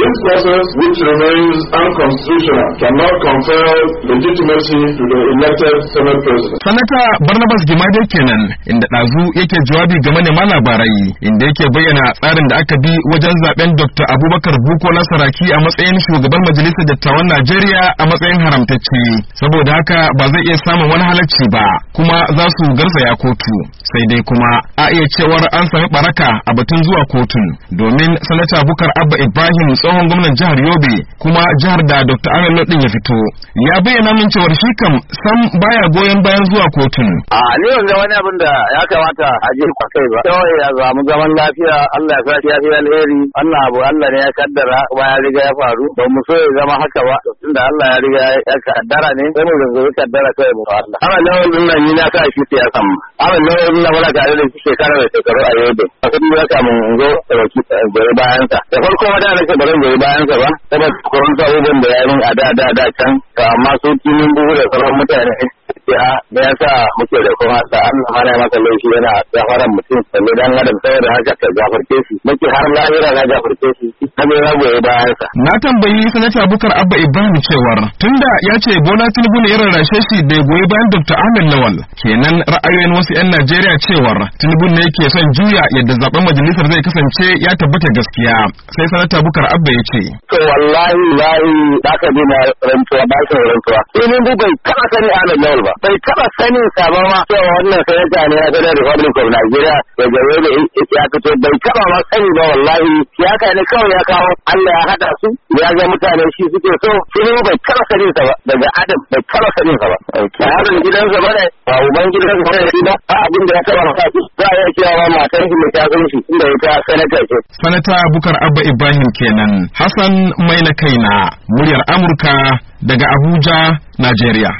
This process, which remains unconstitutional, cannot confer legitimacy to the elected Senate President. Sanata Barnabas Gimade kenan inda ɗazu yake jawabi ga manema labarai inda yake bayyana tsarin da aka bi wajen zaben Dr. Abubakar Buko na Saraki a matsayin shugaban Majalisar Dattawan Najeriya a matsayin haramtacce. Saboda haka ba zai iya samun wani halacci ba kuma za su garzaya kotu. sai dai kuma a iya cewar an sami baraka a batun zuwa kotun domin sanata bukar abba ibrahim tsohon gwamnan jihar yobe kuma jihar da dr amin lodin ya fito ya bayyana min cewar shi kam sam baya goyon bayan zuwa kotun a ne wanda wani abin da ya kamata a je kwasai ba kawai ya zamu zaman lafiya allah ya sa ya fi alheri allah abu allah ne ya kaddara kuma ya riga ya faru ba mu so ya zama haka ba tunda Allah ya riga ya kaddara ne sai mu zunguri kaddara kai mu Allah amma lawal din nan ni na ka shi sai san amma lawal din nan wala ga da shi kana da shekaru a yau da kuma ya ka mun zo dauki eh, gari bayan sa da farko ma da ke barin gari bayan sa ba saboda kuran sa uban da yayin a da da da can to amma su kinin buhu da sauran mutane sai a me yasa muke da kuma da Allah mana maka laifi yana gafaran mutum sanne dan adam saboda haka ka gafarce shi muke har lahira na gafarce shi kuma ya goye bayan sa na tambayi sanata Bukar Abba Ibrahim cewar tunda ya ce Bola Tinubu ne irin rashe shi da ya goyi bayan Dr. Ahmed Lawal kenan ra'ayoyin wasu 'yan Najeriya cewar Tinubu ne yake son juya yadda zaben majalisar zai kasance ya tabbata gaskiya sai sanata Bukar Abba ya ce to wallahi wallahi da ka bi na rantsuwa ba ka rantuwa Tinubu bai kasa sani Ahmed Lawal ba bai taba sanin sa ba ma cewa wannan sanata ne a Federal Republic of Nigeria da gare da ya fito bai taba ma sani ba wallahi siyasa ne kawai ya kawo Allah ya hada su ya ga mutane shi suke so shi ne bai taba sanin sa ba daga Adam bai taba sanin sa ba yaron gidan sa ne ba uban gidan sa ne ba abin da ya taba masa za a iya cewa matar shi mai tazo shi inda ya ta sanata ce sanata Bukar Abba Ibrahim kenan Hassan Maina Kaina muryar Amurka daga Abuja Nigeria.